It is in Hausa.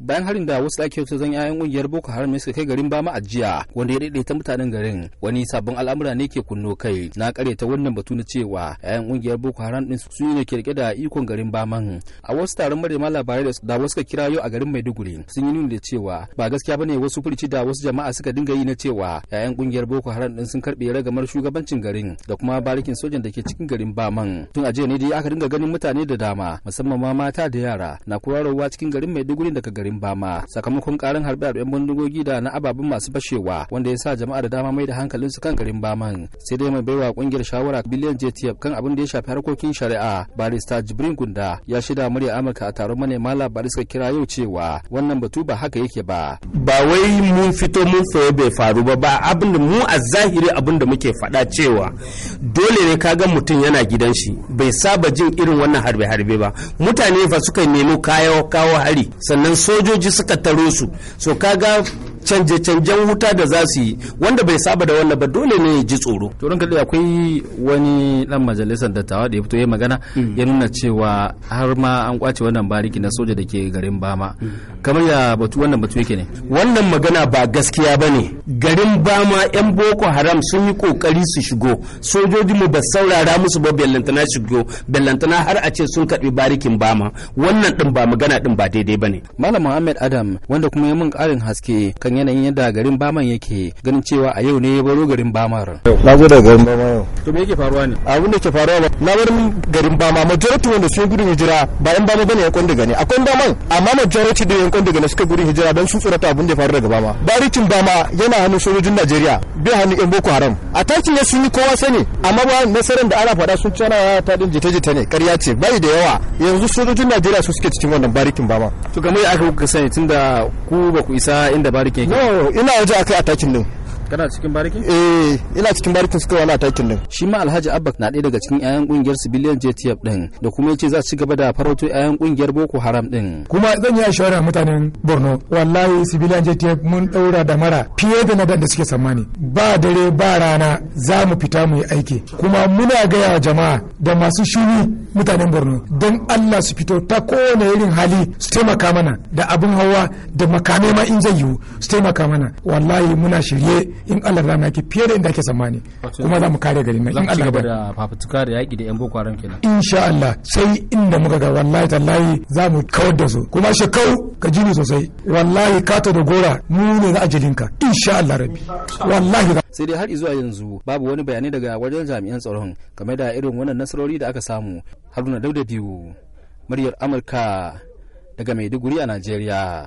bayan harin da wasu ake zan yayan kungiyar boko haram ne suka kai garin bama a jiya wanda ya daidaita mutanen garin wani sabon al'amura ne ke kunno kai na ta wannan batu na cewa yayan kungiyar boko haram din su ne ke rike da ikon garin baman a wasu taron marema labarai da wasu ka kira yau a garin maiduguri sun yi nuna da cewa ba gaskiya bane wasu furici da wasu jama'a suka dinga yi na cewa yayan kungiyar boko haram din sun karbe ragamar shugabancin garin da kuma barikin sojan da ke cikin garin baman tun a jiya ne dai aka dinga ganin mutane da dama musamman ma mata da yara na kurarwa cikin garin maiduguri daga garin garin Bama sakamakon karin harbe ɗan bindigogi da na ababen masu bashewa wanda ya sa jama'a da dama mai da hankalin su kan garin Baman sai dai mai baiwa kungiyar shawara biliyan JTF kan abin da ya shafi harkokin shari'a barista Jibrin Gunda ya shida murya Amurka a taron manema labarai suka kira yau cewa wannan batu ba haka yake ba ba wai mun fito mun fayo bai faru ba ba abin da mu a zahiri abin da muke faɗa cewa dole ne ka ga mutum yana gidan shi bai saba jin irin wannan harbe-harbe ba mutane fa suka nemi kayo kawo hari sannan so sojoji suka taro su so kaga canje-canjen wuta da za su yi wanda bai saba da wannan ba dole ne ya ji tsoro. to ranka da akwai wani dan majalisar dattawa da ya fito ya magana mm. ya nuna cewa har ma an kwace wannan bariki na soja da ke garin bama kamar ya batu wannan batu yake ne. wannan magana ba gaskiya ba ne garin bama yan boko haram sun yi kokari su shigo sojoji mu ba saurara musu ba bellantana shigo bellantana har a ce sun karbi barikin bama wannan din ba magana din ba daidai ba ne. malam muhammad adam wanda kuma ya mun karin haske kan yanayin yadda garin Baman yake ganin cewa a yau ne ya baro garin Bamar. Na zo daga garin Bama yau. To me yake faruwa ne? Abin da ke faruwa ba na bar garin Bama majority wanda suke gudun hijira ba yan Bama bane yankon daga ne. Akwai Baman amma majority da yankon daga ne suka gudun hijira don su tsorata abin da faru daga Bama. Barikin Bama yana hannun sojojin Najeriya bai hannun yan Boko Haram. A takin ne sun yi kowa sani amma ba nasarar da ana faɗa sun cana ta din jita-jita ne ƙarya ce bai da yawa yanzu sojojin Najeriya su suke cikin wannan barikin Bama. To kamar ya aka kuka sani tunda ku ba ku isa inda barikin no ina waje akai takin din kana cikin barikin? eh ina cikin barikin suka wani takin din shi ma alhaji abba na ɗaya daga cikin 'ya'yan ƙungiyar civilian jtf din da kuma yace za su cigaba da farauto 'ya'yan ƙungiyar boko haram din kuma zan yi shawara mutanen borno wallahi civilian jtf mun ɗaura da mara fiye da nadan da suke sammani. ba dare ba rana za mu fita mu yi aiki kuma muna gaya jama'a da masu shuni mutanen borno don allah su fito ta kowane irin hali su taimaka mana da abin hawa da makamai ma in zai yiwu su taimaka mana wallahi muna shirye in allah rana ke fiye da inda ake tsammani kuma za mu kare gari na in allah da fafutuka da yaki da yan boko haram kenan insha allah sai inda muka ga wallahi tallahi za mu kawar da su kuma shekau ka ji sosai wallahi kato da gora mu ne za a ka. insha allah rabbi wallahi sai dai har zuwa yanzu babu wani bayani daga wajen jami'an tsaron game da irin wannan nasarori da aka samu haruna daudabiu muryar amurka daga maiduguri a najeriya